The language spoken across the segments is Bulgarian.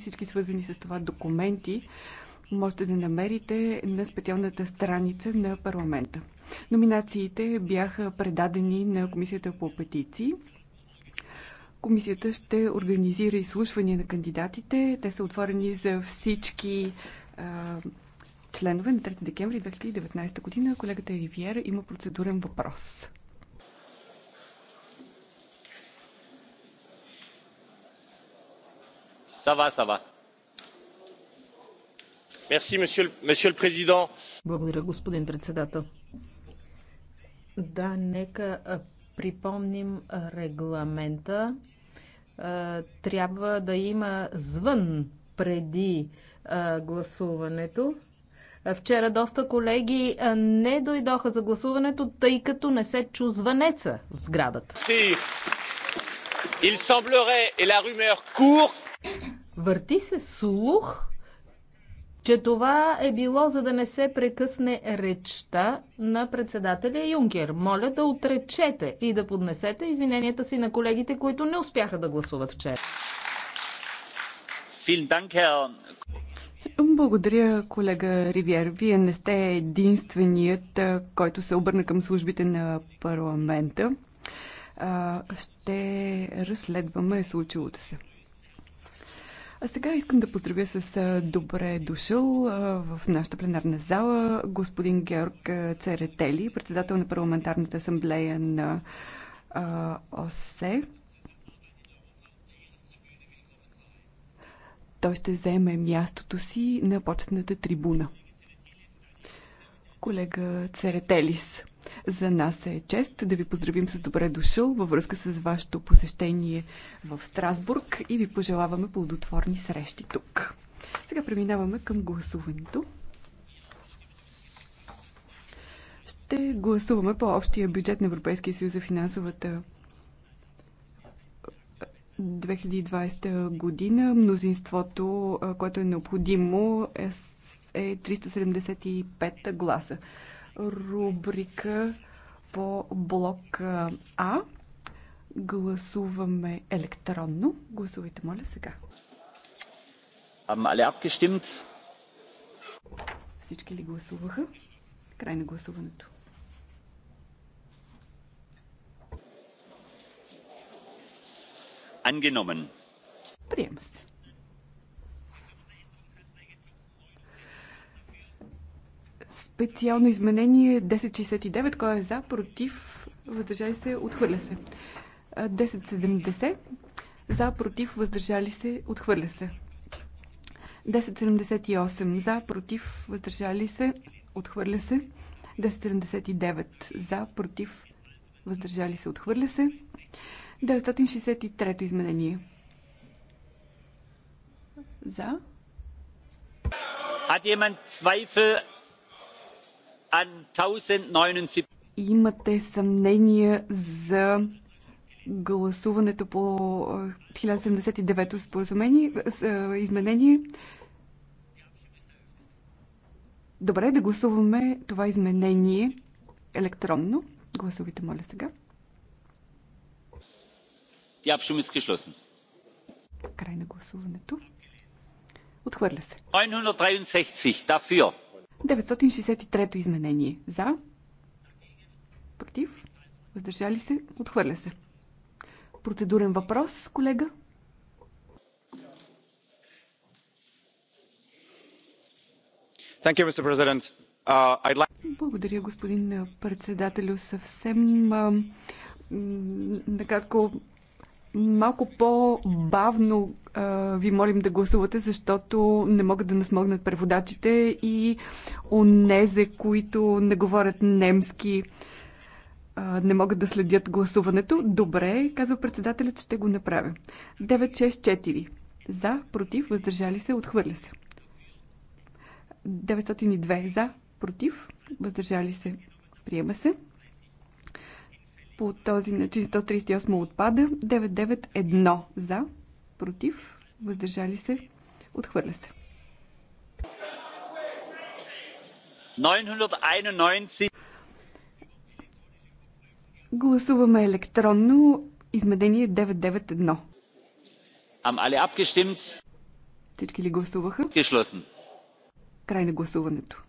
всички свързани с това документи можете да намерите на специалната страница на парламента. Номинациите бяха предадени на Комисията по петиции. Комисията ще организира изслушвания на кандидатите. Те са отворени за всички а, членове на 3 декември 2019 година. Колегата Ривиера има процедурен въпрос. Благодаря, господин председател. Да, нека припомним регламента. Трябва да има звън преди гласуването. Вчера доста колеги не дойдоха за гласуването, тъй като не се чу звънеца в сградата. Il semblerait, et la rumeur court, Върти се слух, че това е било за да не се прекъсне речта на председателя Юнкер. Моля да отречете и да поднесете извиненията си на колегите, които не успяха да гласуват вчера. Благодаря, колега Ривиер. Вие не сте единственият, който се обърна към службите на парламента. Ще разследваме случилото се. А сега искам да поздравя с добре дошъл в нашата пленарна зала господин Георг Церетели, председател на парламентарната асамблея на ОСЕ. Той ще вземе мястото си на почетната трибуна. Колега Церетелис. За нас е чест да ви поздравим с добре дошъл във връзка с вашето посещение в Страсбург и ви пожелаваме плодотворни срещи тук. Сега преминаваме към гласуването. Ще гласуваме по общия бюджет на Европейския съюз за финансовата 2020 година. Мнозинството, което е необходимо, е 375 е гласа рубрика по блок А. Гласуваме електронно. Гласувайте, моля, сега. Всички ли гласуваха? Край на гласуването. Angenommen. Приема се. Специално изменение 1069. Кой е за, против, въздържали се, отхвърля се. 1070. За, против, въздържали се, отхвърля се. 1078. За, против, въздържали се, отхвърля се. 1079. За, против, въздържали се, отхвърля се. 963 изменение. За. Hat jemand Zweifel Имате съмнения за гласуването по 1079-то споразумение, изменение. Добре, да гласуваме това изменение електронно. Гласувайте, моля сега. Die Abstimmung ist geschlossen. Край на гласуването. Отхвърля се. 963 dafür. 963-то изменение. За. Против. Въздържали се. Отхвърля се. Процедурен въпрос, колега. You, uh, like... Благодаря, господин председателю. Съвсем накратко малко по-бавно ви молим да гласувате, защото не могат да насмогнат преводачите и онезе, които не говорят немски, не могат да следят гласуването. Добре, казва председателят, ще го направя. 964. За, против, въздържали се, отхвърля се. 902. За, против, въздържали се, приема се. По този начин 138 отпада. 991 за, против, въздържали се, отхвърля се. 991. Гласуваме електронно изменение 991. Am alle abgestimmt? Всички ли гласуваха? Geschlossen. Край на гласуването.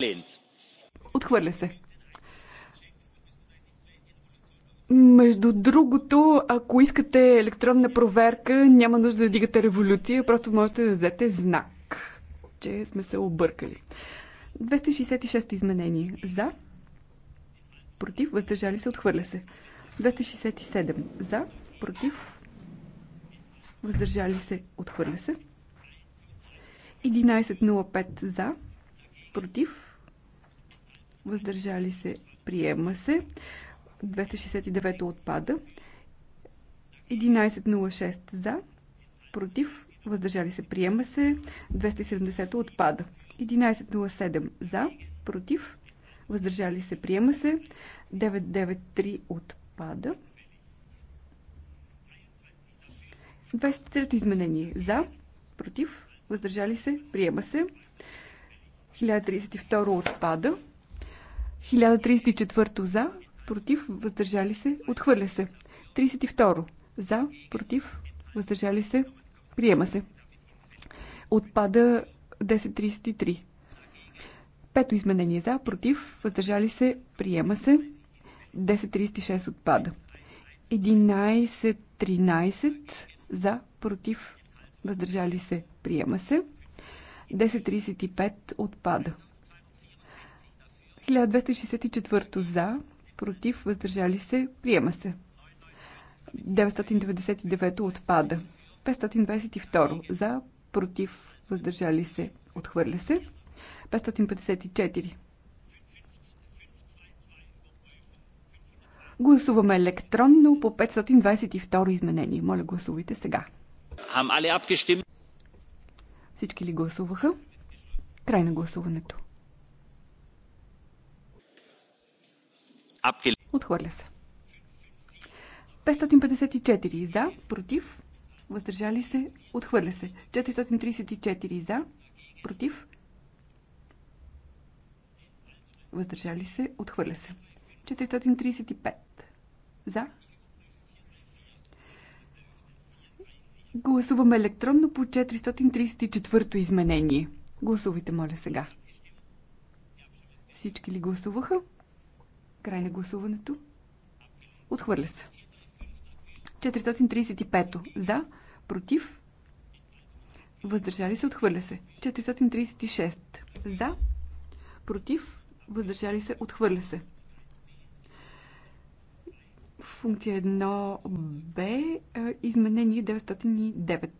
Lehnt. Отхвърля се. Между другото, ако искате електронна проверка, няма нужда да дигате революция, просто можете да дадете знак, че сме се объркали. 266-то изменение. За. Против. Въздържали се. Отхвърля се. 267. За. Против. Въздържали се. Отхвърля се. 11.05 за. Против. Въздържали се. Приема се. 269 отпада. 1106 за, против, въздържали се, приема се. 270 отпада. 1107 за, против, въздържали се, приема се. 993 отпада. 23 изменение за, против, въздържали се, приема се. 1032 отпада. 1034 за, против, въздържали се, отхвърля се. 32. За, против, въздържали се, приема се. Отпада 1033. Пето изменение за, против, въздържали се, приема се. 1036 отпада. 11.13 за, против, въздържали се, приема се. 10.35 отпада. 1264 за, против, въздържали се, приема се. 999 отпада. 522 за, против, въздържали се, отхвърля се. 554. Гласуваме електронно по 522 изменение. Моля, гласувайте сега. Всички ли гласуваха? Край на гласуването. Отхвърля се. 554 за, против, въздържали се, отхвърля се. 434 за, против, въздържали се, отхвърля се. 435 за. Гласуваме електронно по 434 изменение. Гласувайте, моля, сега. Всички ли гласуваха? Край на гласуването. Отхвърля се. 435-то. За. Против. Въздържали се. Отхвърля се. 436. За. Против. Въздържали се. Отхвърля се. Функция 1 Б. Изменение 909.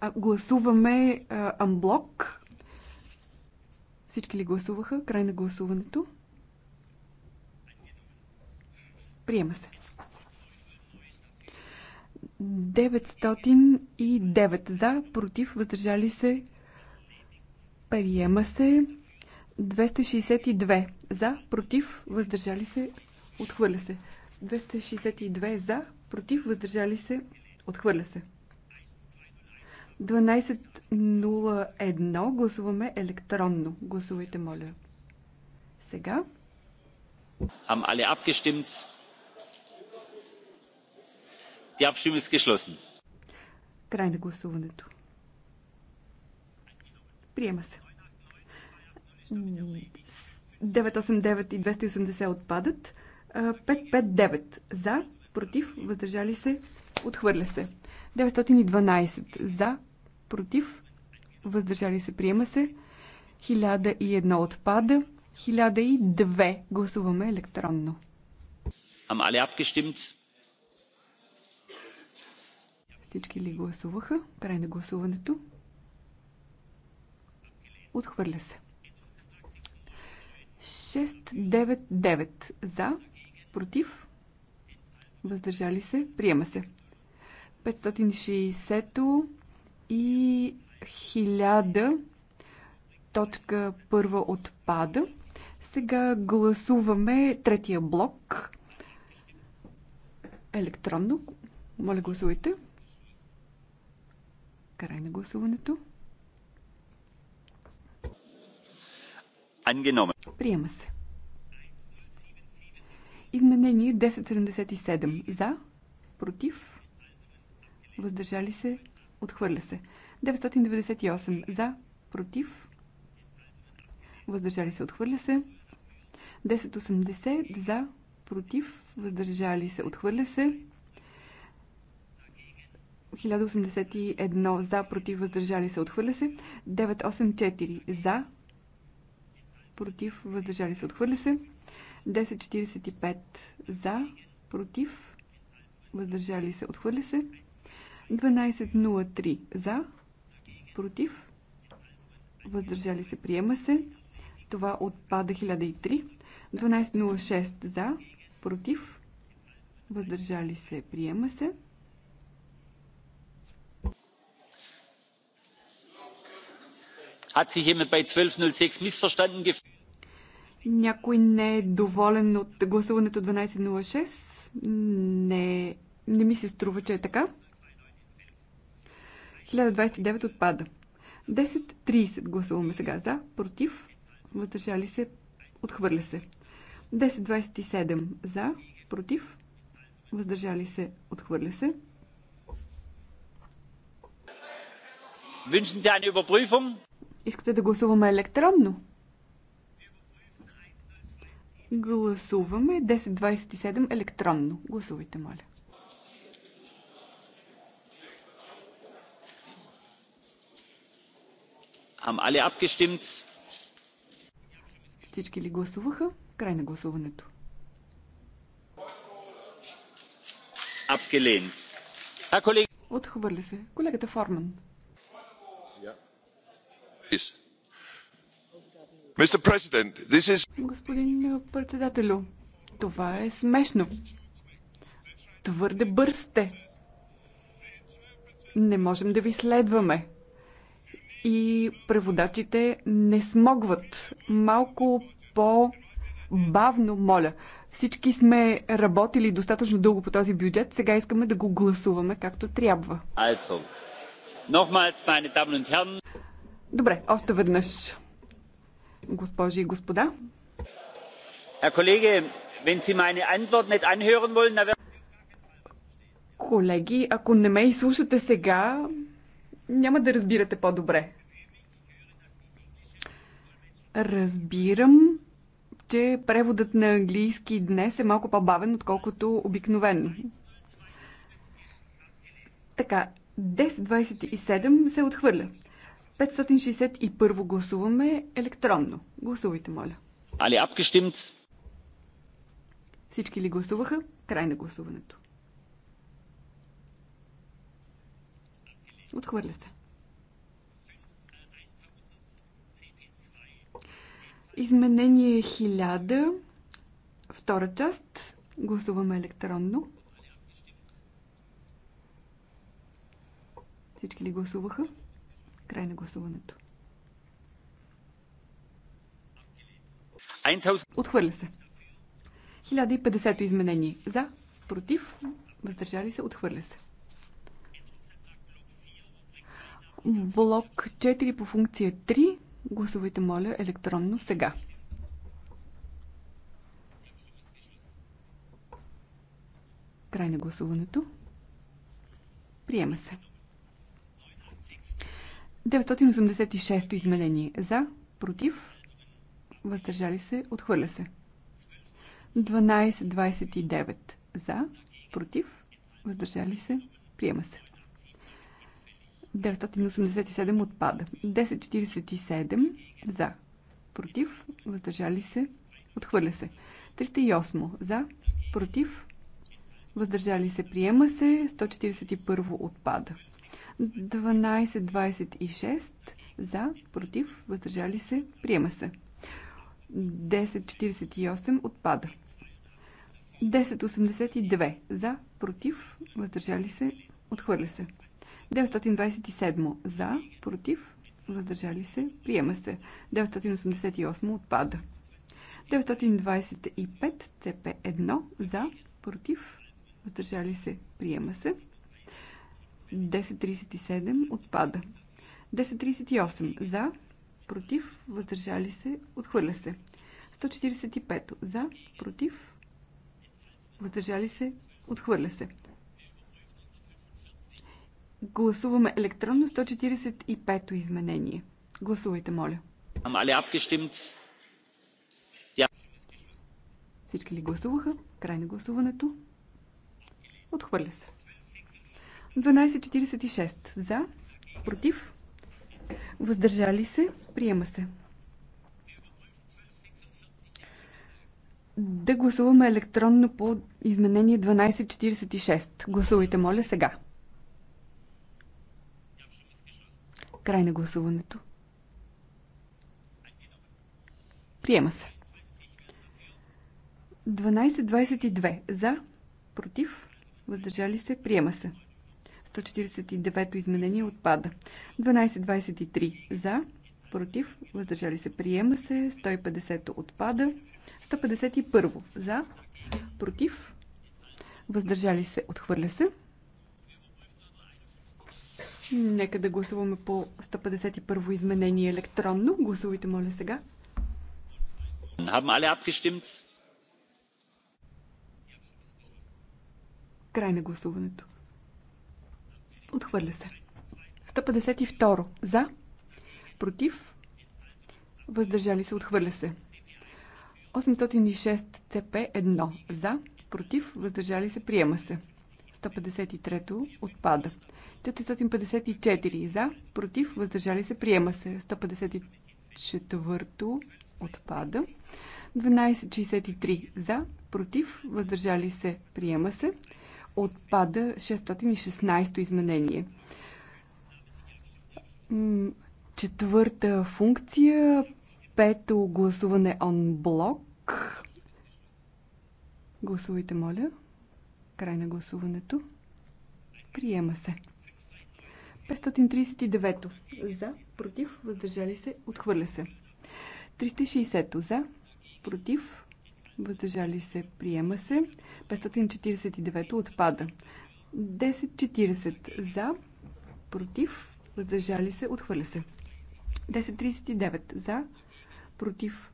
А, гласуваме амблок. Всички ли гласуваха? Край на гласуването. Приема се. 909 за, против, въздържали се. Приема се. 262 за, против, въздържали се. Отхвърля се. 262 за, против, въздържали се. Отхвърля се. 12.01 гласуваме електронно. Гласувайте, моля. Сега. Haben alle abgestimmt? Die Abstimmung ist geschlossen. Край на гласуването. Приема се. 989 и 280 отпадат. 559 за, против, въздържали се, отхвърля се. 912 за, против, въздържали се, приема се. 1001 отпада. 1002 гласуваме електронно. Am alle abgestimmt? Всички ли гласуваха? Край на гласуването. Отхвърля се. 699 за, против, въздържали се, приема се. 560 и 1000 точка първа отпада. Сега гласуваме третия блок електронно. Моля гласувайте. Край на гласуването. Приема се. Изменение 1077. За. Против. Въздържали се. Отхвърля се. 998. За. Против. Въздържали се. Отхвърля се. 1080. За. Против. Въздържали се. Отхвърля се. 1081 за, против, въздържали се, отхвърля се. 984 за, против, въздържали се, отхвърля се. 1045 за, против, въздържали се, отхвърля се. 1203 за, против, въздържали се, приема се. Това отпада 1003. 1206 за, против, въздържали се, приема се. Някой не е доволен от гласуването 1206? Не, не ми се струва, че е така. 1029 отпада. 10.30 гласуваме сега за, против, въздържали се, отхвърля се. 10.27 за, против, въздържали се, отхвърля се. Wünschen Sie eine Überprüfung? Искате да гласуваме електронно? Гласуваме 1027 електронно. Гласувайте, моля. Haben alle abgestimmt? Всички ли гласуваха? Край на гласуването. Отхвърля се. Колегата Форман. Господин е, председателю, това е смешно. Твърде бърз сте. Не можем да ви следваме. И преводачите не смогват. Малко по-бавно, моля. Всички сме работили достатъчно дълго по този бюджет, сега искаме да го гласуваме както трябва. Also, nochmals, meine Damen und Herren, Добре, още веднъж. Госпожи и господа. Колеги, wenn Sie meine Antwort nicht anhören wollen, dann колеги, ако не ме изслушате сега, няма да разбирате по-добре. Разбирам, че преводът на английски днес е малко по-бавен, отколкото обикновено. Така, 10.27 се отхвърля. 561 гласуваме електронно. Гласувайте, моля. Али абгестимт? Всички ли гласуваха? Край на гласуването. Отхвърля се. Изменение 1000, втора част. Гласуваме електронно. Всички ли гласуваха? Край на гласуването. Отхвърля се. 1050 изменение. За, против, въздържали се, отхвърля се. Блок 4 по функция 3. Гласувайте, моля, електронно сега. Край на гласуването. Приема се. 986-то изменение. За, против, въздържали се, отхвърля се. 1229 за, против, въздържали се, приема се. 987 отпада. 1047 за, против, въздържали се, отхвърля се. 308 за, против, въздържали се, приема се. 141 отпада. 1 12.26 за, против, въздържали се, приема се. 10.48 отпада. 10.82 за, против, въздържали се, отхвърля се. 927 за, против, въздържали се, приема се. 988 отпада. 925 ЦП1 за, против, въздържали се, приема се. 1037 отпада. 1038 за, против, въздържали се, отхвърля се. 145 за, против, въздържали се, отхвърля се. Гласуваме електронно 145-то изменение. Гласувайте, моля. Всички ли гласуваха? Край на гласуването. Отхвърля се. 12.46 за, против, въздържали се, приема се. Да гласуваме електронно по изменение 12.46. Гласувайте, моля, сега. Край на гласуването. Приема се. 12.22 за, против, въздържали се, приема се. 149-то изменение отпада. 12.23 за, против, въздържали се, приема се. 150-то отпада. 151 за, против, въздържали се, отхвърля се. Нека да гласуваме по 151 изменение електронно. Гласувайте, моля, сега. Haben alle abgestimmt? Край на гласуването. Отхвърля се. 152. За. Против. Въздържали се. Отхвърля се. 806 ЦП 1 За. Против. Въздържали се. Приема се. 153 отпада. 454 за, против, въздържали се, приема се. 154 отпада. 1263 за, против, въздържали се, приема се отпада 616 изменение. Четвърта функция, пето гласуване он блок. Гласувайте, моля. Край на гласуването. Приема се. 539 то за, против, въздържали се, отхвърля се. 360 за, против, въздържали се, приема се. 549 отпада. 1040 за, против, въздържали се, отхвърля се. 1039 за, против,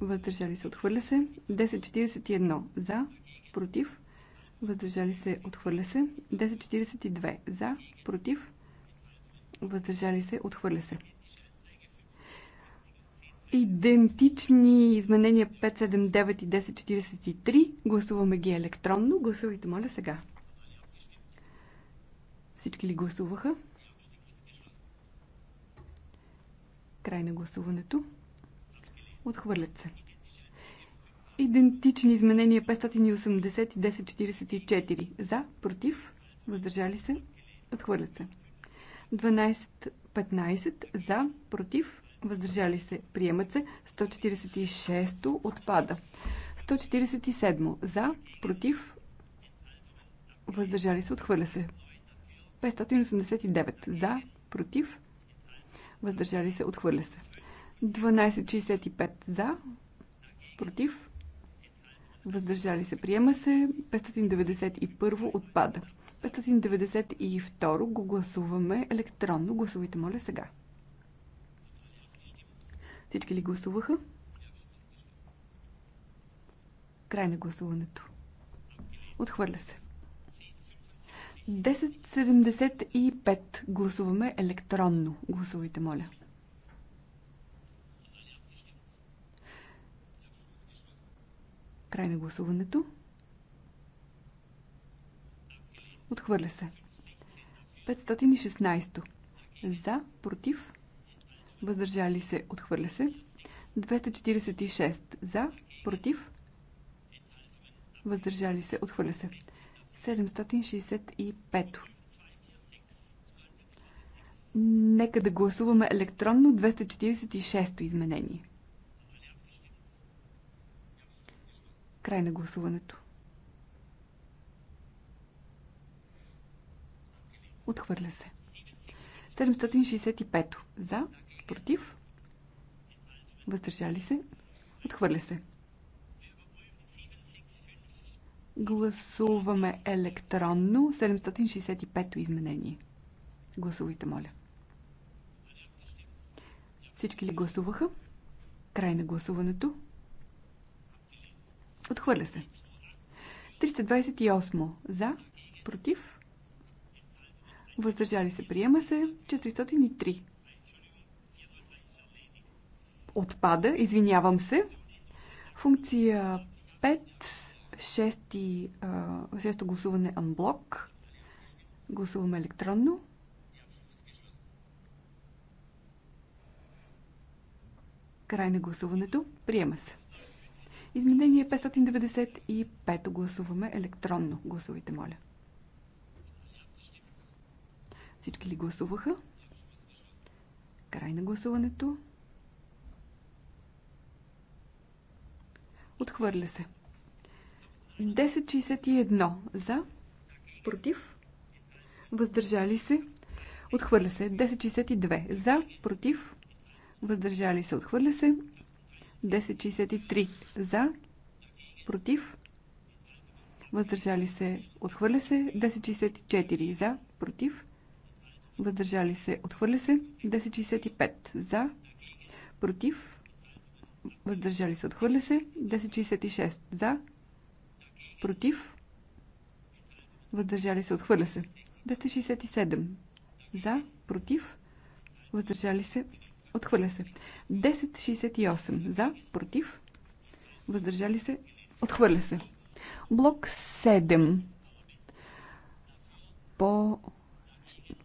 въздържали се, отхвърля се. 1041 за, против, въздържали се, отхвърля се. 1042 за, против, въздържали се, отхвърля се идентични изменения 579 и 1043. Гласуваме ги електронно. Гласувайте, моля, сега. Всички ли гласуваха? Край на гласуването. Отхвърлят се. Идентични изменения 580 и 1044. За, против, въздържали се, отхвърлят се. 12-15 за, против, въздържали се, приемат се. 146 отпада. 147 за, против, въздържали се, отхвърля се. 589 за, против, въздържали се, отхвърля се. 1265 за, против, въздържали се, приема се. 591 отпада. 592 го гласуваме електронно. Гласувайте, моля, сега. Всички ли гласуваха? Край на гласуването. Отхвърля се. 1075 гласуваме електронно. Гласувайте, моля. Край на гласуването. Отхвърля се. 516. За, против, въздържали се, отхвърля се. 246 за, против, въздържали се, отхвърля се. 765. Нека да гласуваме електронно 246 изменение. Край на гласуването. Отхвърля се. 765 за, против, въздържали се, отхвърля се. Гласуваме електронно 765-то изменение. Гласувайте, моля. Всички ли гласуваха? Край на гласуването. Отхвърля се. 328 за, против, въздържали се, приема се 403 отпада, извинявам се. Функция 5, 6, шесто гласуване анблок. Гласуваме електронно. Край на гласуването. Приема се. Изменение 595 гласуваме електронно. Гласувайте, моля. Всички ли гласуваха? Край на гласуването. Отхвърля се. 1061 за. Против. Въздържали се. Отхвърля се. 1062 за. Против. Въздържали се. Отхвърля се. 1063 за. Против. Въздържали се. Отхвърля се. 1064 за. Против. Въздържали се. Отхвърля се. 1065 за. Против въздържали се, отхвърля се. 1066 за, против, въздържали се, отхвърля се. 1067. за, против, въздържали се, отхвърля се. 1068 за, против, въздържали се, отхвърля се. Блок 7 по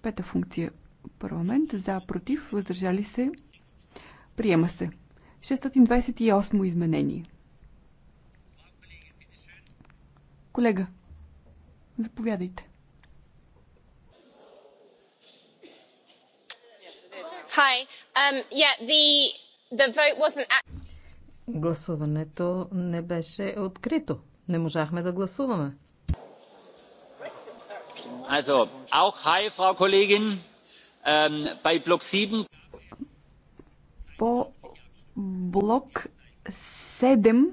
пета функция парламент за, против, въздържали се, приема се. 628 изменение. Колега, заповядайте. Hi. Um, yeah, the, the vote wasn't... Гласуването не беше открито. Не можахме да гласуваме. Also, auch hi, Frau Kollegin. Ähm, bei Block 7... По блок 7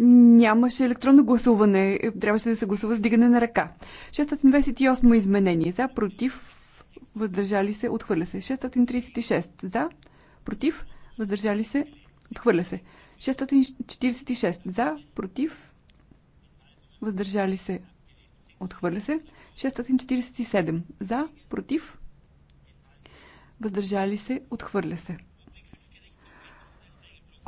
нямаше електронно гласуване. Трябваше да се гласува с дигане на ръка. 628 изменение. За, против, въздържали се, отхвърля се. 636 за, против, въздържали се, отхвърля се. 646 за, против, въздържали се, отхвърля се. 647 за, против, въздържали се, отхвърля се.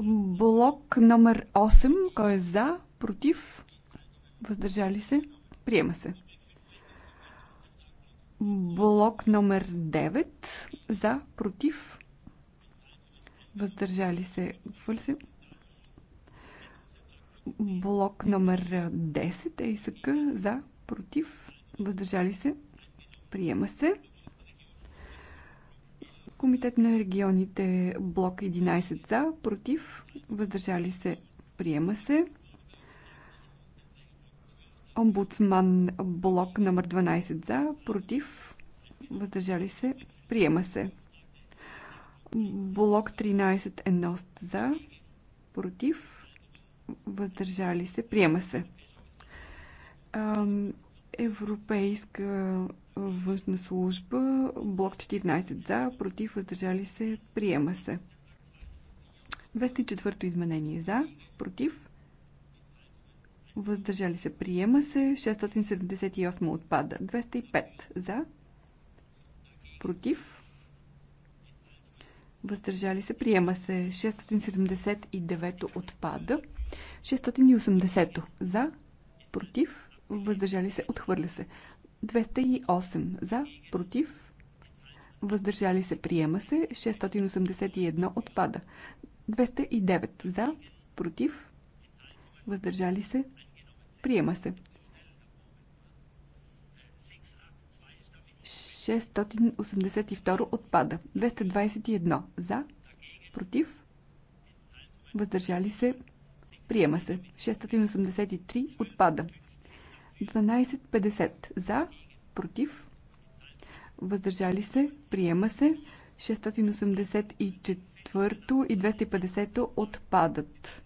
Блок номер 8. Кой е за? Против? Въздържали се? Приема се. Блок номер 9. За? Против? Въздържали се? Отвърли се? Блок номер 10. ЕИСК. За? Против? Въздържали се? Приема се. Комитет на регионите блок 11 за, против, въздържали се, приема се. Омбудсман блок номер 12 за, против, въздържали се, приема се. Блок 13 е ност за, против, въздържали се, приема се. Европейска външна служба, блок 14 за, против, въздържали се, приема се. 204-то изменение за, против, въздържали се, приема се, 678 отпада, 205 за, против, въздържали се, приема се, 679 отпада, 680 за, против, въздържали се, отхвърля се. 208 за, против, въздържали се, приема се. 681 отпада. 209 за, против, въздържали се, приема се. 682 отпада. 221 за, против, въздържали се, приема се. 683 отпада. 1250 за, против, въздържали се, приема се. 684 то и 250 отпадат.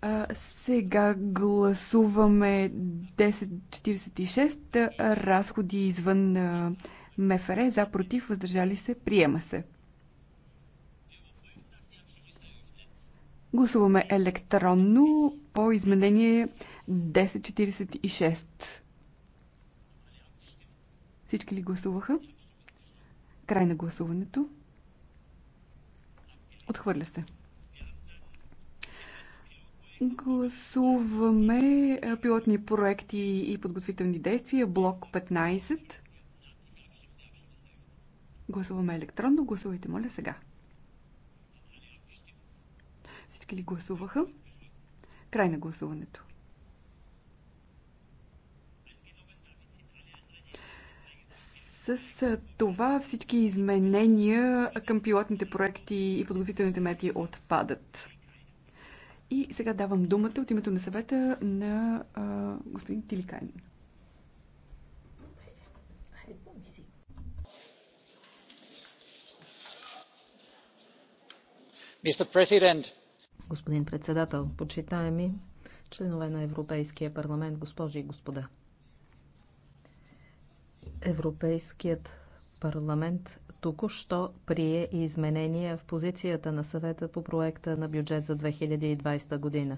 А, сега гласуваме 1046 разходи извън МФР за против въздържали се приема се. Гласуваме електронно по изменение 1046. Всички ли гласуваха? Край на гласуването. Отхвърля се. Гласуваме пилотни проекти и подготвителни действия, блок 15. Гласуваме електронно. Гласувайте, моля, сега. Всички ли гласуваха? Край на гласуването. С това всички изменения към пилотните проекти и подготвителните мерки отпадат. И сега давам думата от името на съвета на а, господин Тиликайн. Mr. President, господин председател, почитаеми членове на Европейския парламент, госпожи и господа. Европейският парламент току-що прие изменения в позицията на съвета по проекта на бюджет за 2020 година.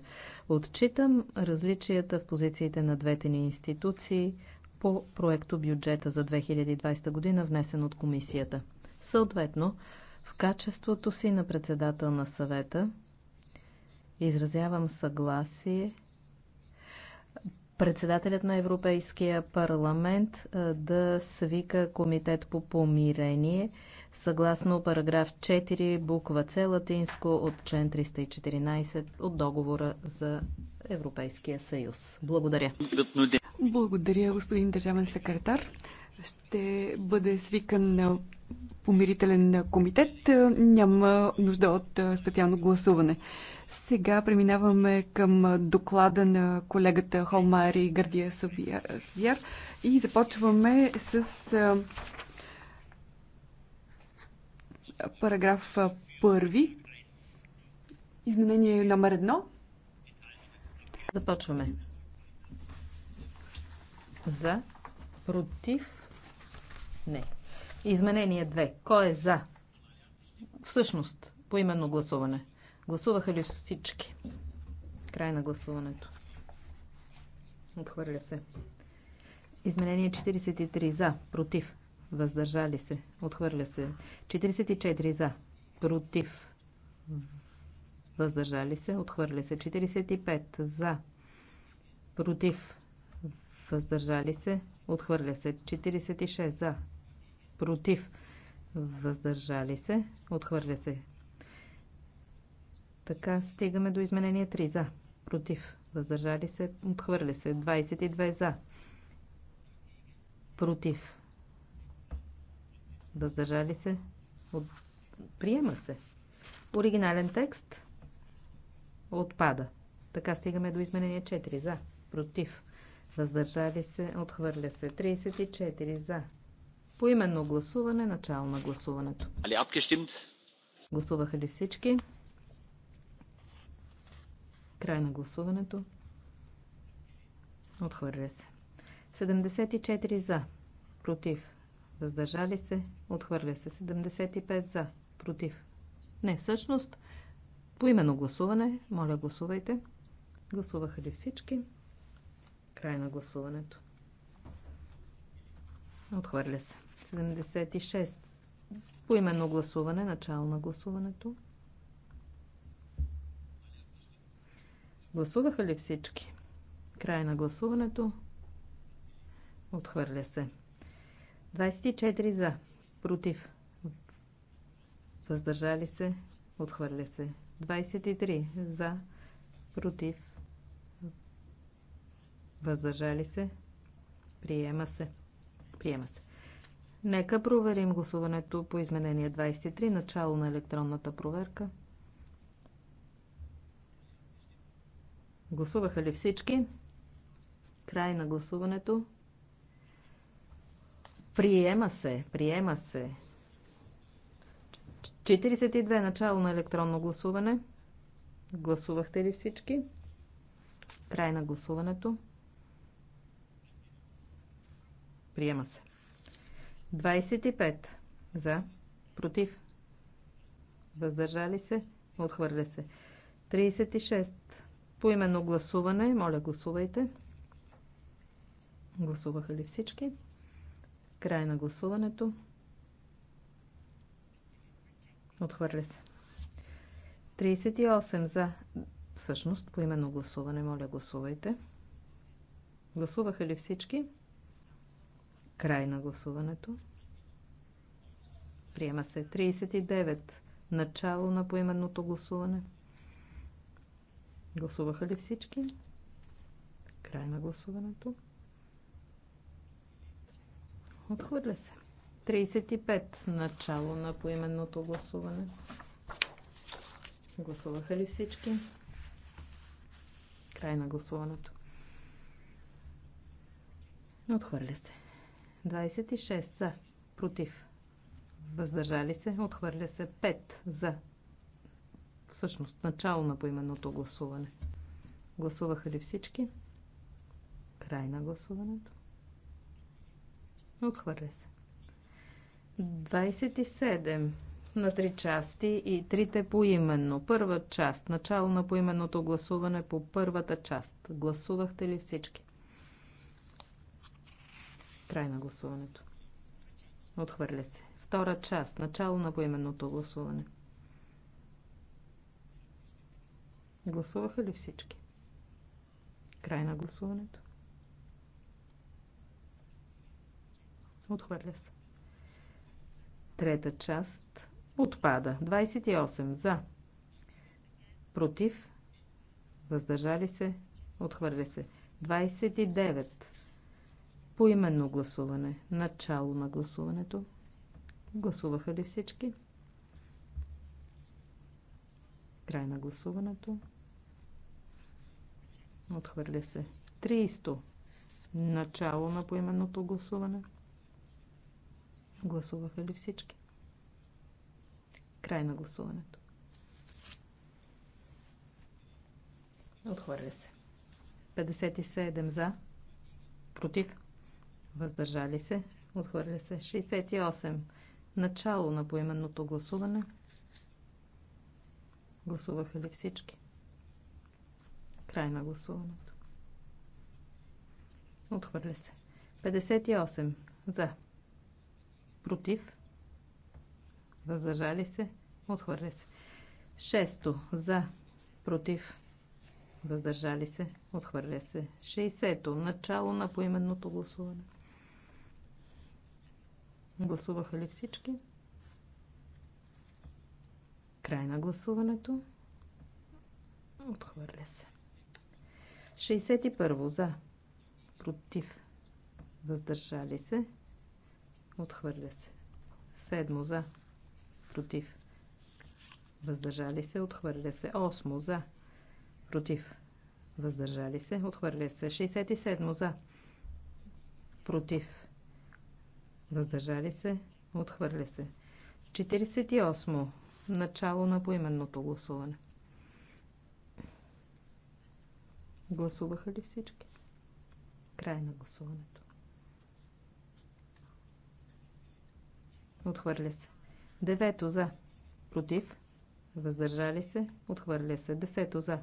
Отчитам различията в позициите на двете ни институции по проекто бюджета за 2020 година, внесен от комисията. Съответно, в качеството си на председател на съвета, Изразявам съгласие председателят на Европейския парламент да свика комитет по помирение съгласно параграф 4 буква С латинско от член 314 от договора за Европейския съюз. Благодаря. Благодаря, господин държавен секретар. Ще бъде свикан помирителен комитет, няма нужда от специално гласуване. Сега преминаваме към доклада на колегата Холмайер и Гърдия Савиер и започваме с параграф първи. Изменение номер едно. Започваме. За, против, не. Изменение 2. Кой е за? Всъщност, по именно гласуване. Гласуваха ли всички? Край на гласуването. Отхвърля се. Изменение 43 за, против, въздържали се, отхвърля се. 44 за, против, въздържали се, отхвърля се. 45 за, против, въздържали се, отхвърля се. 46 за, против, въздържали се, отхвърля се. Така стигаме до изменение 3 за, против, въздържали се, отхвърля се, 22 за, против, въздържали се, от... приема се. Оригинален текст отпада. Така стигаме до изменение 4 за, против, въздържали се, отхвърля се, 34 за, по именно гласуване, начало на гласуването. Али абгестимт? Гласуваха ли всички? Край на гласуването. Отхвърля се. 74 за. Против. Въздържали се. Отхвърля се. 75 за. Против. Не, всъщност, по именно гласуване. Моля, гласувайте. Гласуваха ли всички? Край на гласуването. Отхвърля се. 76. Поименно гласуване, начало на гласуването. Гласуваха ли всички? Край на гласуването. Отхвърля се. 24 за. Против. Въздържали се. Отхвърля се. 23 за. Против. Въздържали се. Приема се. Приема се. Нека проверим гласуването по изменение 23, начало на електронната проверка. Гласуваха ли всички? Край на гласуването. Приема се, приема се. 42 начало на електронно гласуване. Гласувахте ли всички? Край на гласуването. Приема се. 25 за, против, въздържали се, отхвърля се. 36 поименно гласуване, моля гласувайте. Гласуваха ли всички? Край на гласуването. Отхвърля се. 38 за. Всъщност, по именно гласуване, моля гласувайте. Гласуваха ли всички? Край на гласуването. Приема се 39. Начало на поименното гласуване. Гласуваха ли всички? Край на гласуването. Отхвърля се. 35. Начало на поименното гласуване. Гласуваха ли всички? Край на гласуването. Отхвърля се. 26 за. Против. Въздържали се. Отхвърля се 5 за. Всъщност, начало на поименното гласуване. Гласуваха ли всички? Край на гласуването. Отхвърля се. 27 на три части и трите поименно. Първа част. Начало на поименното гласуване по първата част. Гласувахте ли всички? Край на гласуването. Отхвърля се. Втора част. Начало на поименното гласуване. Гласуваха ли всички? Край на гласуването. Отхвърля се. Трета част. Отпада. 28 за. Против. Въздържали се. Отхвърля се. 29 поименно гласуване. Начало на гласуването. Гласуваха ли всички? Край на гласуването. Отхвърля се. 300. Начало на поименното гласуване. Гласуваха ли всички? Край на гласуването. Отхвърля се. 57 за. Против въздържали се, отхвърля се. 68. Начало на поименното гласуване. Гласуваха ли всички? Край на гласуването. Отхвърля се. 58. За. Против. Въздържали се. Отхвърля се. 6. За. Против. Въздържали се. Отхвърля се. 60. Начало на поименното гласуване. Гласуваха ли всички? Край на гласуването. Отхвърля се. 61 за. Против. Въздържали се. Отхвърля се. Седмо за. Против. Въздържали се. Отхвърля се. Осмо за. Против. Въздържали се. Отхвърля се. 67 за. Против въздържали се, отхвърля се. 48. Начало на поименното гласуване. Гласуваха ли всички? Край на гласуването. Отхвърля се. Девето за. Против. Въздържали се. Отхвърля се. Десето за.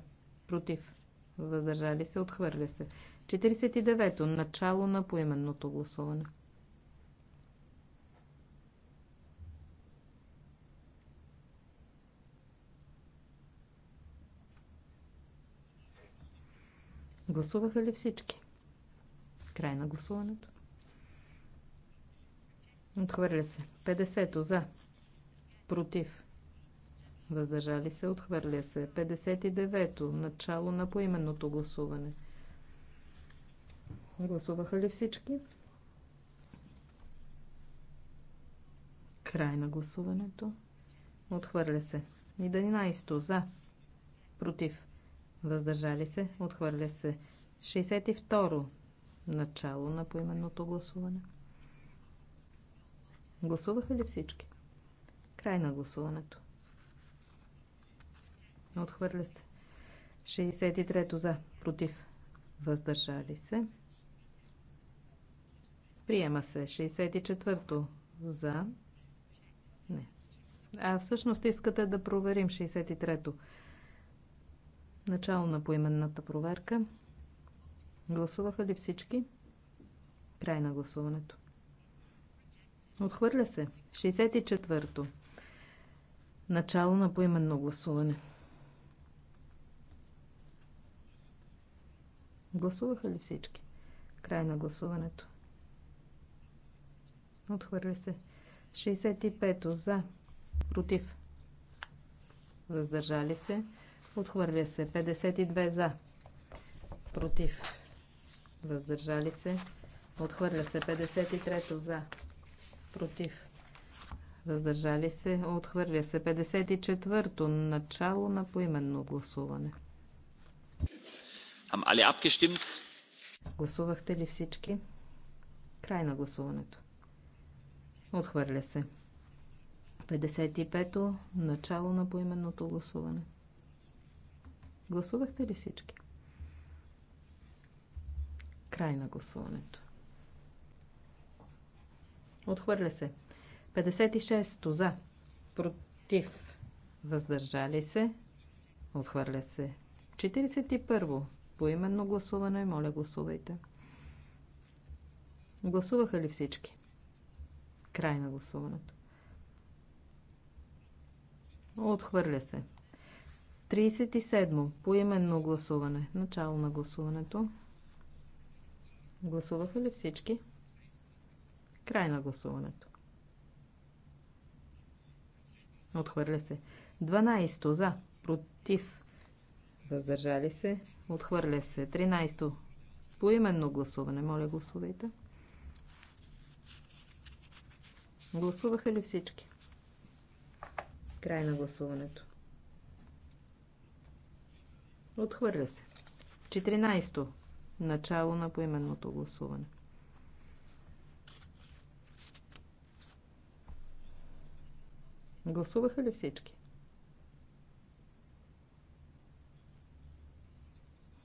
Против. Въздържали се. Отхвърля се. 49. Начало на поименното гласуване. Гласуваха ли всички? Край на гласуването. Отхвърля се. 50 за. Против. Въздържали се. Отхвърля се. 59 то Начало на поименното гласуване. Гласуваха ли всички? Край на гласуването. Отхвърля се. 11 за. Против. Въздържали се. Отхвърля се. 62. Начало на поименното гласуване. Гласуваха ли всички? Край на гласуването. Отхвърля се. 63 за, против, въздържали се. Приема се. 64 то за. Не. А всъщност искате да проверим 63-то. Начало на поименната проверка. Гласуваха ли всички? Край на гласуването. Отхвърля се. 64-то. Начало на поименно гласуване. Гласуваха ли всички? Край на гласуването. Отхвърля се. 65 то за. Против. Въздържали се. Отхвърля се. 52 за. Против въздържали се, отхвърля се 53 за, против, въздържали се, отхвърля се 54 то начало на поименно гласуване. Am alle abgestimmt? Гласувахте ли всички? Край на гласуването. Отхвърля се. 55-то начало на поименното гласуване. Гласувахте ли всички? Край на гласуването. Отхвърля се. 56 за. Против. Въздържали се. Отхвърля се. 41 во поименно гласуване. Моля, гласувайте. Гласуваха ли всички? Край на гласуването. Отхвърля се. 37. Поименно гласуване. Начало на гласуването. Гласуваха ли всички? Край на гласуването. Отхвърля се. 12 за, против, въздържали се. Отхвърля се. 13 поименно гласуване. Моля, гласувайте. Гласуваха ли всички? Край на гласуването. Отхвърля се. 14 Начало на поименното гласуване. Гласуваха ли всички?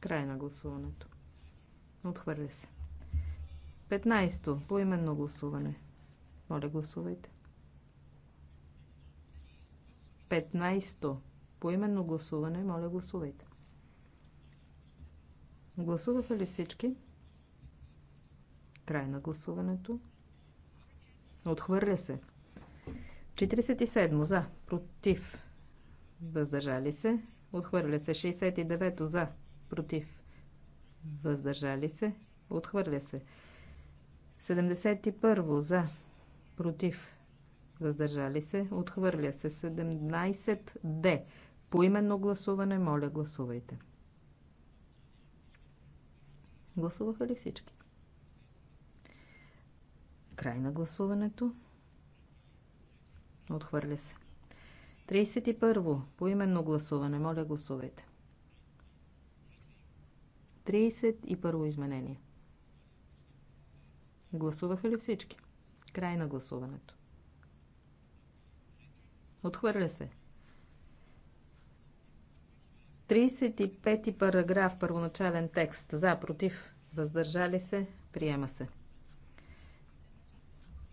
Край на гласуването. Отхвърля се. 15-то. Поименно гласуване. Моля, гласувайте. 15-то. Поименно гласуване. Моля, гласувайте. Гласуваха ли всички? Край на гласуването. Отхвърля се. 47 за, против, въздържали се. Отхвърля се. 69 за, против, въздържали се. Отхвърля се. 71 за, против, въздържали се. Отхвърля се. 17 Д. Поименно гласуване, моля гласувайте. Гласуваха ли всички? Край на гласуването. Отхвърля се. 31. Поименно гласуване. Моля, гласувайте. 31 изменение. Гласуваха ли всички? Край на гласуването. Отхвърля се. 35 параграф, първоначален текст. За, против, въздържали се, приема се.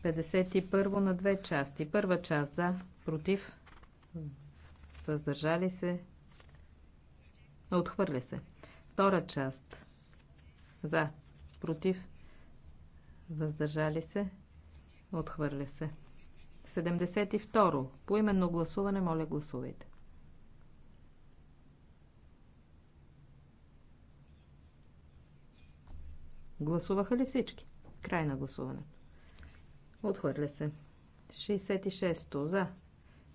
51 на две части. Първа част за, против, въздържали се, отхвърля се. Втора част за, против, въздържали се, отхвърля се. 72. Поименно гласуване, моля гласувайте. Гласуваха ли всички? Край на гласуване. Отхвърля се. 66-то за.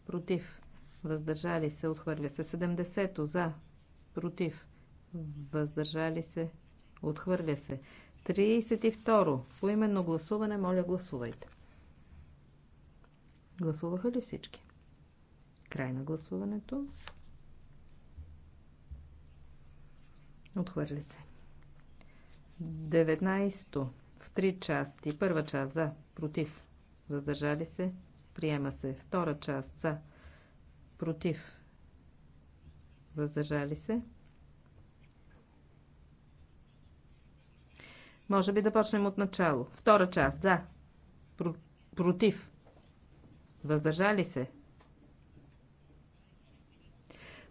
Против. Въздържали се. Отхвърля се. 70-то за. Против. Въздържали се. Отхвърля се. 32. По именно гласуване, моля гласувайте. Гласуваха ли всички? Край на гласуването. Отхвърля се. 19 в три части. Първа част за, против, въздържали се, приема се. Втора част за, против, въздържали се. Може би да почнем от начало. Втора част за, про, против, въздържали се.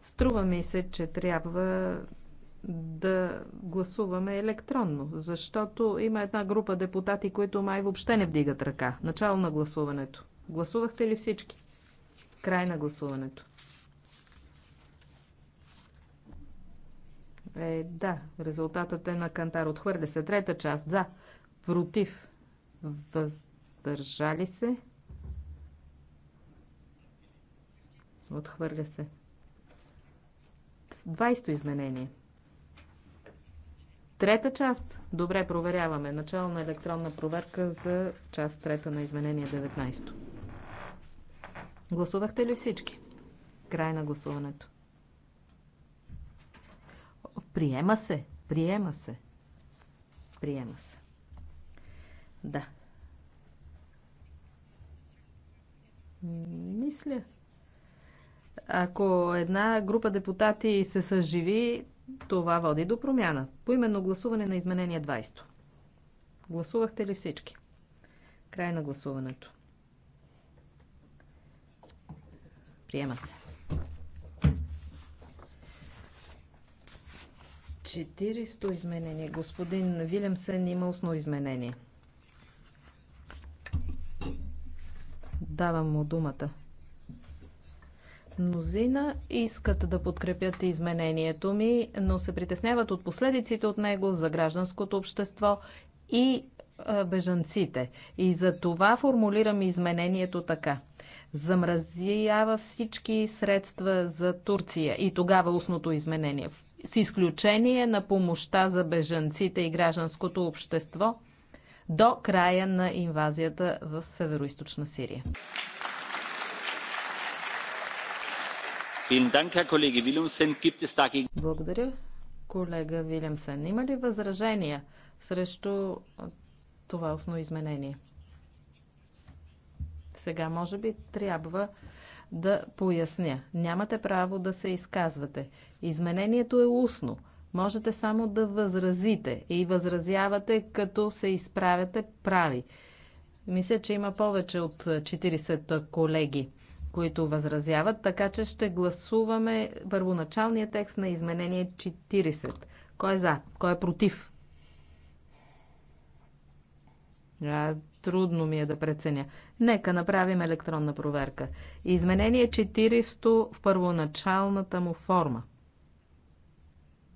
Струва ми се, че трябва да гласуваме електронно, защото има една група депутати, които май въобще не вдигат ръка. Начало на гласуването. Гласувахте ли всички? Край на гласуването. Е, да, резултатът е на Кантар. Отхвърля се. Трета част. За. Против. Въздържали се. Отхвърля се. 20 изменение. Трета част. Добре, проверяваме. Начало на електронна проверка за част трета на изменение 19. Гласувахте ли всички? Край на гласуването. Приема се. Приема се. Приема се. Да. Мисля. Ако една група депутати се съживи, това води до промяна. Поименно гласуване на изменение 20. Гласувахте ли всички? Край на гласуването. Приема се. 400 изменения. Господин Вилемсен има устно изменение. Давам му думата. Мнозина искат да подкрепят изменението ми, но се притесняват от последиците от него за гражданското общество и бежанците. И за това формулирам изменението така. Замразява всички средства за Турция и тогава устното изменение. С изключение на помощта за бежанците и гражданското общество до края на инвазията в Северо-Источна Сирия. Благодаря, колега Вилямсен. Има ли възражения срещу това основно изменение? Сега, може би, трябва да поясня. Нямате право да се изказвате. Изменението е устно. Можете само да възразите и възразявате, като се изправяте прави. Мисля, че има повече от 40 колеги които възразяват, така че ще гласуваме първоначалния текст на изменение 40. Кой е за? Кой е против? А, трудно ми е да преценя. Нека направим електронна проверка. Изменение 40 в първоначалната му форма.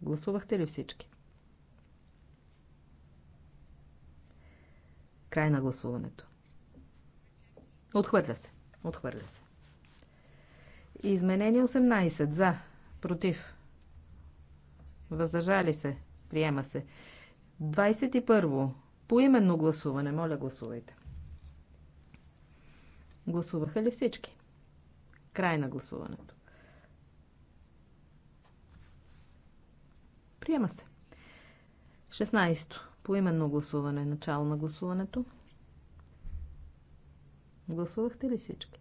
Гласувахте ли всички? Край на гласуването. Отхвърля се. Отхвърля се. Изменение 18. За. Против. Въздържали се. Приема се. 21. Поименно гласуване. Моля, гласувайте. Гласуваха ли всички? Край на гласуването. Приема се. 16. Поименно гласуване. Начало на гласуването. Гласувахте ли всички?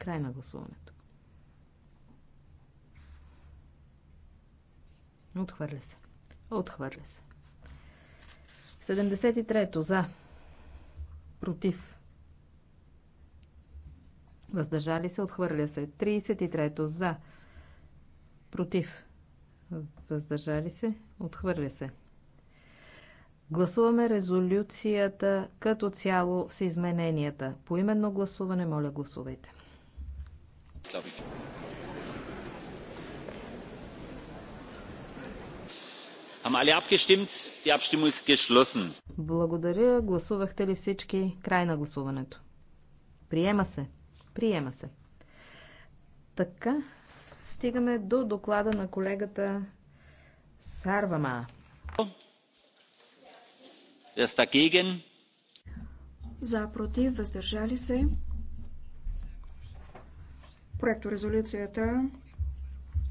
Край на гласуването. Отхвърля се. Отхвърля се. 73-то за. Против. Въздържали се. Отхвърля се. 33-то за. Против. Въздържали се. Отхвърля се. Гласуваме резолюцията като цяло с измененията. По именно гласуване, моля гласувайте. Благодаря. Гласувахте ли всички? Край на гласуването. Приема се. Приема се. Така, стигаме до доклада на колегата Сарвама. За, против, въздържали се проекторезолюцията.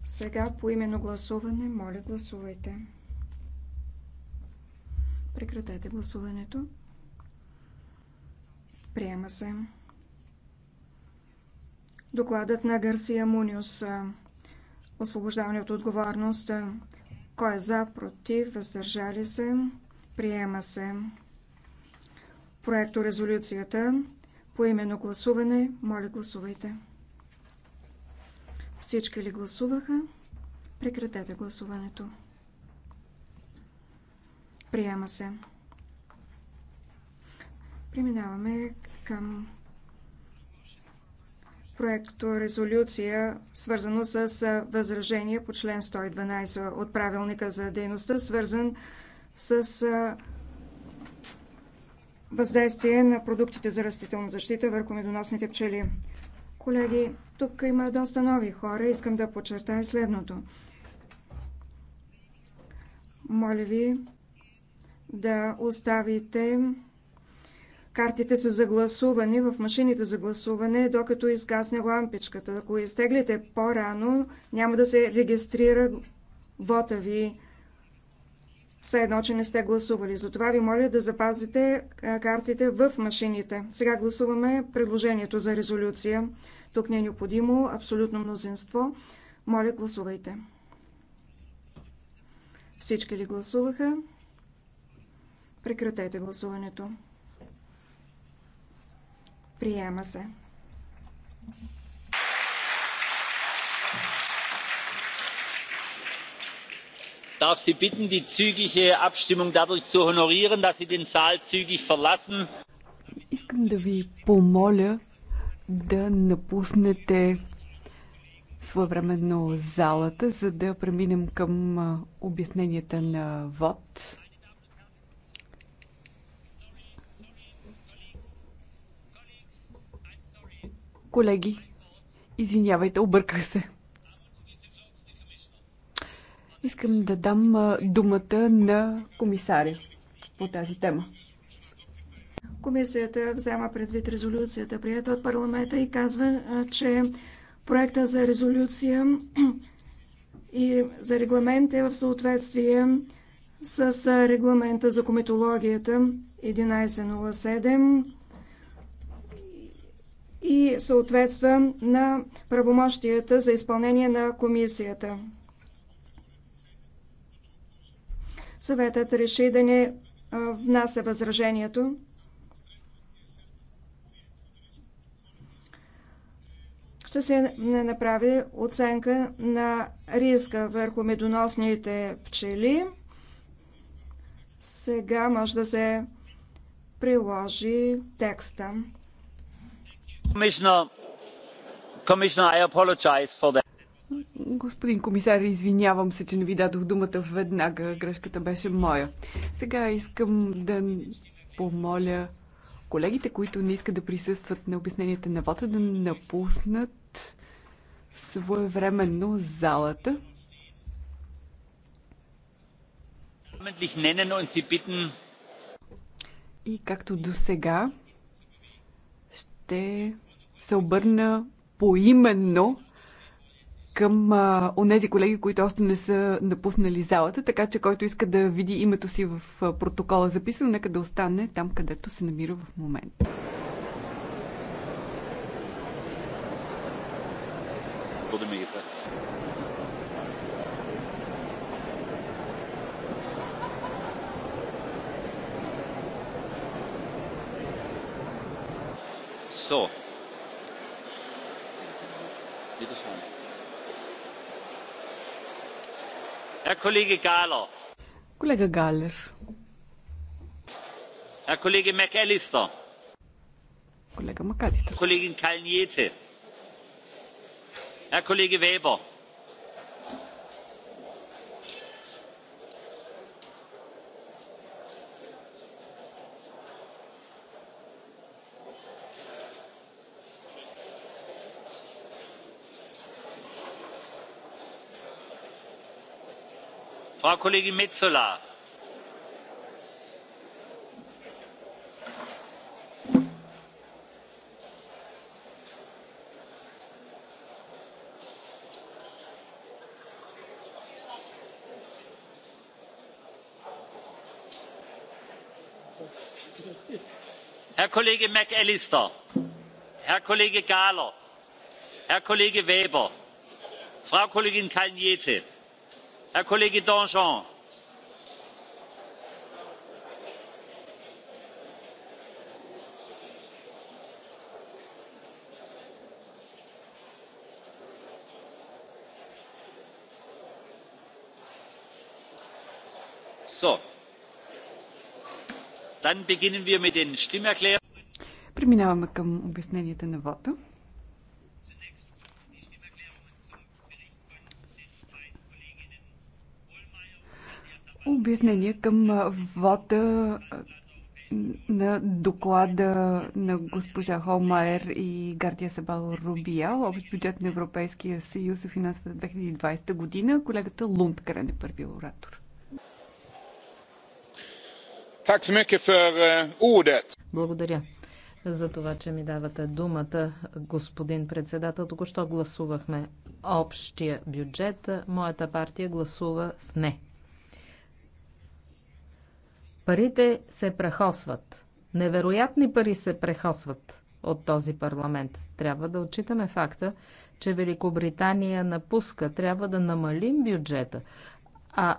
Сега по именно гласуване, моля гласувайте. Прекратете гласуването. Приема се. Докладът на Гарсия Муниус. Освобождаване от отговорност. Кой е за, против, въздържали се. Приема се. Проекто резолюцията. По именно гласуване. Моля гласувайте. Всички ли гласуваха? Прекратете гласуването. Приема се. Преминаваме към проекто резолюция, свързано с възражение по член 112 от правилника за дейността, свързан с въздействие на продуктите за растителна защита върху медоносните пчели. Колеги, тук има доста нови хора. Искам да подчертая следното. Моля ви да оставите картите са за гласуване в машините за гласуване, докато изгасне лампичката. Ако изтеглите по-рано, няма да се регистрира вота ви, все едно, че не сте гласували. Затова ви моля да запазите картите в машините. Сега гласуваме предложението за резолюция. Тук не е необходимо абсолютно мнозинство. Моля, гласувайте. Всички ли гласуваха? Прекратете гласуването. Приема се. darf sie bitten die zügige abstimmung dadurch zu honorieren dass sie den saal zügig verlassen. Искам да ви помоля да напуснете своевременно залата, за да преминем към обясненията на ВОД. Колеги, извинявайте, обърках се. Искам да дам думата на комисаря по тази тема. Комисията взема предвид резолюцията, прията от парламента и казва, че проекта за резолюция и за регламент е в съответствие с регламента за кометологията 1107 и съответства на правомощията за изпълнение на комисията. Съветът реши да не внася възражението. ще се направи оценка на риска върху медоносните пчели. Сега може да се приложи текста. Господин комисар, извинявам се, че не ви дадох думата веднага. Грешката беше моя. Сега искам да помоля колегите, които не искат да присъстват на обясненията на вода, да напуснат своевременно залата. И както до сега, ще се обърна поименно към а, онези колеги, които още не са напуснали залата, така че който иска да види името си в протокола записано, нека да остане там, където се намира в момента. de meter. So. Bitte schön. Herr Kollege Gahler. Kollege Gahler. Herr Kollege McAllister. Kollege McAllister. Kollegin Kalniete herr kollege weber! frau kollegin metsola! herr kollege mcallister herr kollege gahler herr kollege weber frau kollegin kalniete herr kollege danjean Преминаваме към обясненията на вота. Обяснение към вота на доклада на госпожа Холмайер и Гардия Сабал Рубиял, общ бюджет на Европейския съюз за финансовата 2020 година. Колегата Лундкарен е първи оратор. Eh, Благодаря за това, че ми давате думата, господин председател. Току-що гласувахме общия бюджет. Моята партия гласува с не. Парите се прехосват. Невероятни пари се прехосват от този парламент. Трябва да отчитаме факта, че Великобритания напуска. Трябва да намалим бюджета. А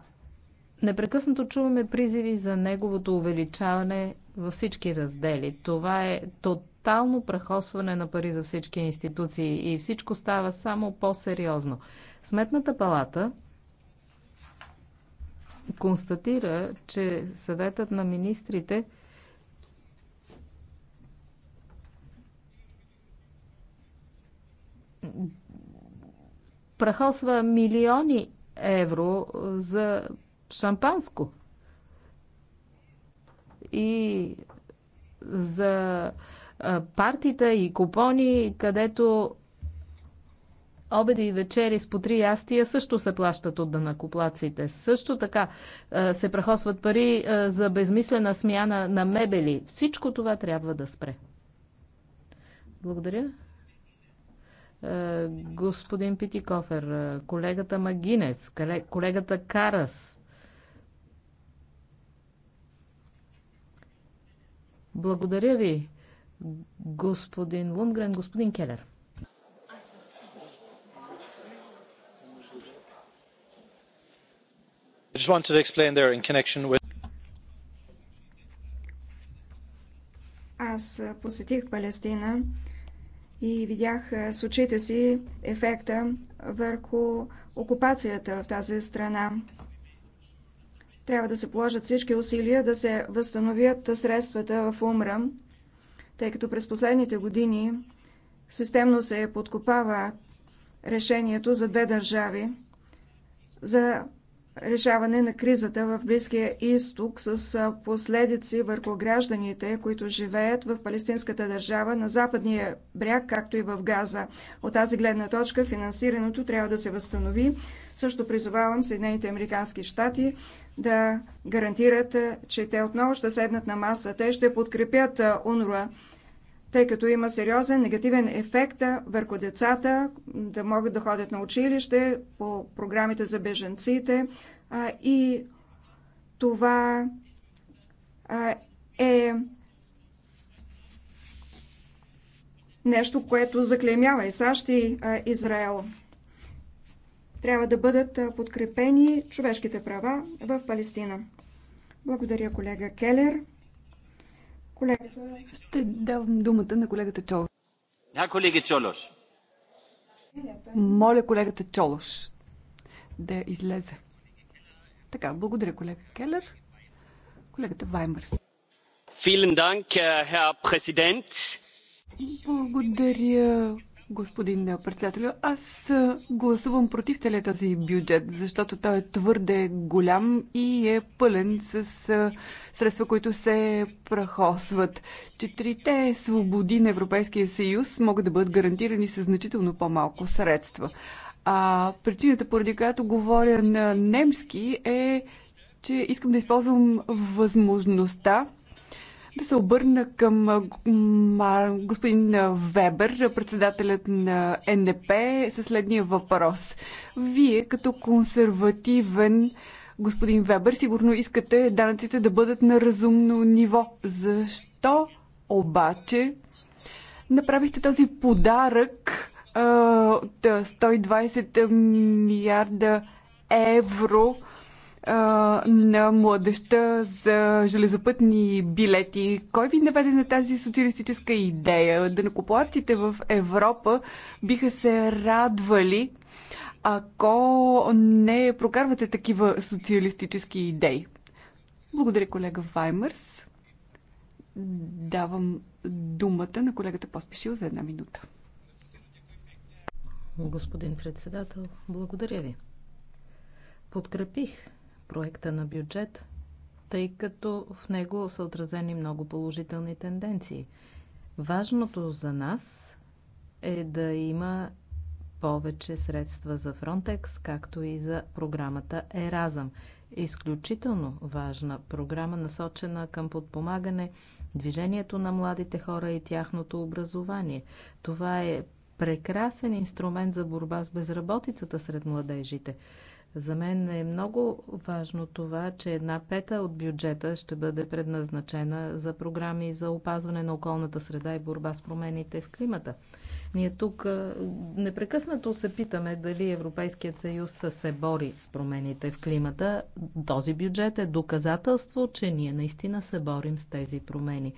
Непрекъснато чуваме призиви за неговото увеличаване във всички раздели. Това е тотално прахосване на пари за всички институции и всичко става само по-сериозно. Сметната палата констатира, че съветът на министрите прахосва милиони евро за шампанско. И за партита и купони, където обеди и вечери с по три ястия също се плащат от данакоплаците. Също така се прахосват пари за безмислена смяна на мебели. Всичко това трябва да спре. Благодаря. Господин Питикофер, колегата Магинец, колегата Карас, Благодаря ви, господин Лунгрен, господин Келер. Аз посетих Палестина и видях с очите си ефекта върху окупацията в тази страна. Трябва да се положат всички усилия да се възстановят средствата в Умра, тъй като през последните години системно се подкопава решението за две държави за решаване на кризата в Близкия изток с последици върху гражданите, които живеят в палестинската държава на западния бряг, както и в Газа. От тази гледна точка финансирането трябва да се възстанови. Също призовавам Съединените Американски щати да гарантират, че те отново ще седнат на масата и ще подкрепят УНРУА тъй като има сериозен негативен ефект върху децата, да могат да ходят на училище по програмите за беженците и това е нещо, което заклемява и САЩ и Израел. Трябва да бъдат подкрепени човешките права в Палестина. Благодаря, колега Келер. Колегата... Ще давам думата на колегата Чолош. А, колеги Чолош. Моля колегата Чолош да излезе. Така, благодаря колега Келер. Колегата Ваймърс. Благодаря, Господин председател, аз гласувам против целият този бюджет, защото той е твърде голям и е пълен с средства, които се прахосват. Четирите свободи на Европейския съюз могат да бъдат гарантирани с значително по-малко средства. А причината, поради която говоря на немски, е, че искам да използвам възможността да се обърна към господин Вебер, председателят на НДП, със следния въпрос. Вие, като консервативен господин Вебер, сигурно искате данъците да бъдат на разумно ниво. Защо обаче направихте този подарък от 120 милиарда евро на младеща за железопътни билети. Кой ви наведе на тази социалистическа идея? Данакоплатците в Европа биха се радвали, ако не прокарвате такива социалистически идеи. Благодаря, колега Ваймърс. Давам думата на колегата Поспешил за една минута. Господин председател, благодаря ви. Подкрепих проекта на бюджет, тъй като в него са отразени много положителни тенденции. Важното за нас е да има повече средства за Frontex, както и за програмата Еразъм. Изключително важна програма, насочена към подпомагане движението на младите хора и тяхното образование. Това е прекрасен инструмент за борба с безработицата сред младежите. За мен е много важно това, че една пета от бюджета ще бъде предназначена за програми за опазване на околната среда и борба с промените в климата. Ние тук непрекъснато се питаме дали Европейският съюз се бори с промените в климата. Този бюджет е доказателство, че ние наистина се борим с тези промени.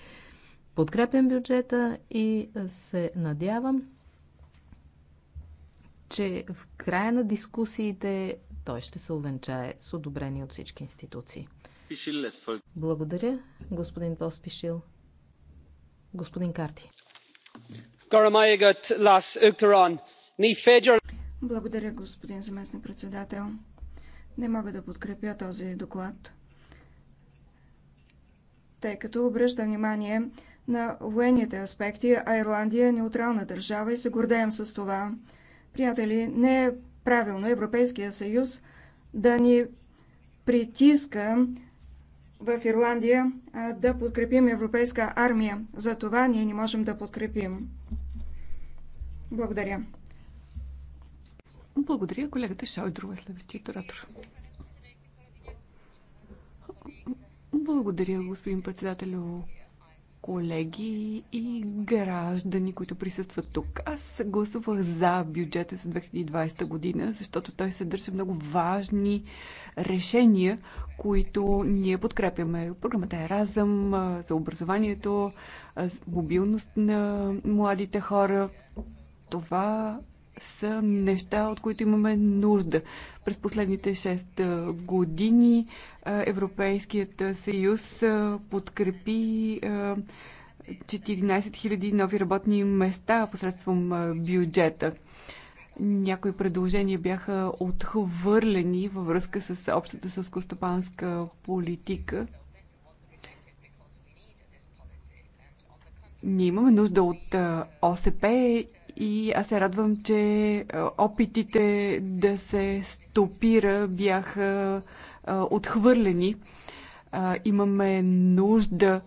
Подкрепям бюджета и се надявам, че в края на дискусиите той ще се увенчае с одобрение от всички институции. Е Благодаря, господин Поспишил. Господин Карти. Благодаря, господин заместник председател. Не мога да подкрепя този доклад, тъй като обръща внимание на военните аспекти, а Ирландия е неутрална държава и се гордеем с това. Приятели, не е правилно Европейския съюз да ни притиска в Ирландия да подкрепим Европейска армия. За това ние не можем да подкрепим. Благодаря. Благодаря. Колегата Шойдрова друга е следващият оратор. Благодаря, господин председателю колеги и граждани, които присъстват тук. Аз гласувах за бюджета за 2020 година, защото той съдържа много важни решения, които ние подкрепяме. Програмата Еразъм, за образованието, мобилност на младите хора. Това са неща, от които имаме нужда. През последните 6 години Европейският съюз подкрепи 14 000 нови работни места посредством бюджета. Някои предложения бяха отхвърлени във връзка с общата сълскостопанска политика. Ние имаме нужда от ОСП и аз се радвам, че опитите да се стопира бяха отхвърлени. Имаме нужда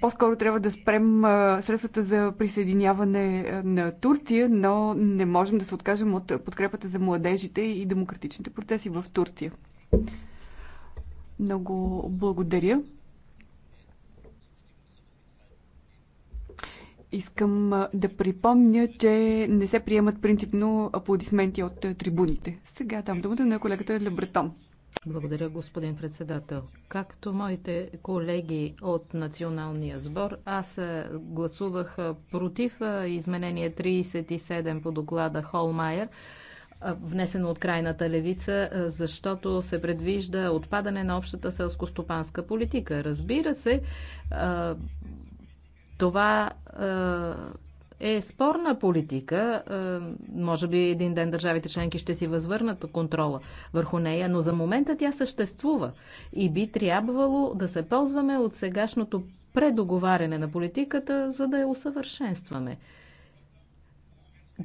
по-скоро трябва да спрем средствата за присъединяване на Турция, но не можем да се откажем от подкрепата за младежите и демократичните процеси в Турция. Много благодаря. Искам да припомня, че не се приемат принципно аплодисменти от трибуните. Сега там думата на колегата Лебретон. Благодаря, господин председател. Както моите колеги от Националния сбор, аз гласувах против изменение 37 по доклада Холмайер, внесено от крайната левица, защото се предвижда отпадане на общата селскостопанска политика. Разбира се, това е, е спорна политика. Е, може би един ден държавите членки ще си възвърнат контрола върху нея, но за момента тя съществува и би трябвало да се ползваме от сегашното предоговаряне на политиката, за да я усъвършенстваме.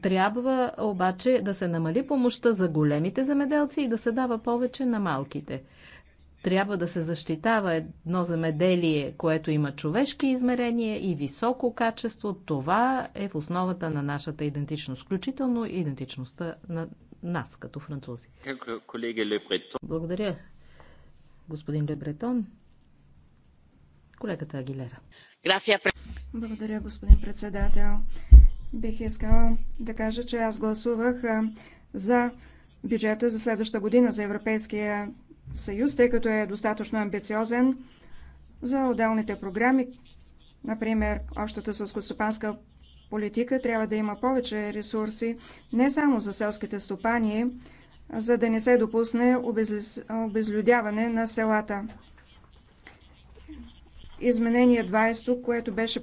Трябва обаче да се намали помощта за големите земеделци и да се дава повече на малките. Трябва да се защитава едно замеделие, което има човешки измерения и високо качество. Това е в основата на нашата идентичност, включително и идентичността на нас като французи. Благодаря, господин Лебретон. Колегата Агилера. Благодаря, господин председател. Бих искала да кажа, че аз гласувах за бюджета за следващата година за Европейския съюз, тъй като е достатъчно амбициозен за отделните програми. Например, общата сълскостопанска политика трябва да има повече ресурси не само за селските стопани, за да не се допусне обезлюдяване на селата. Изменение 20, което беше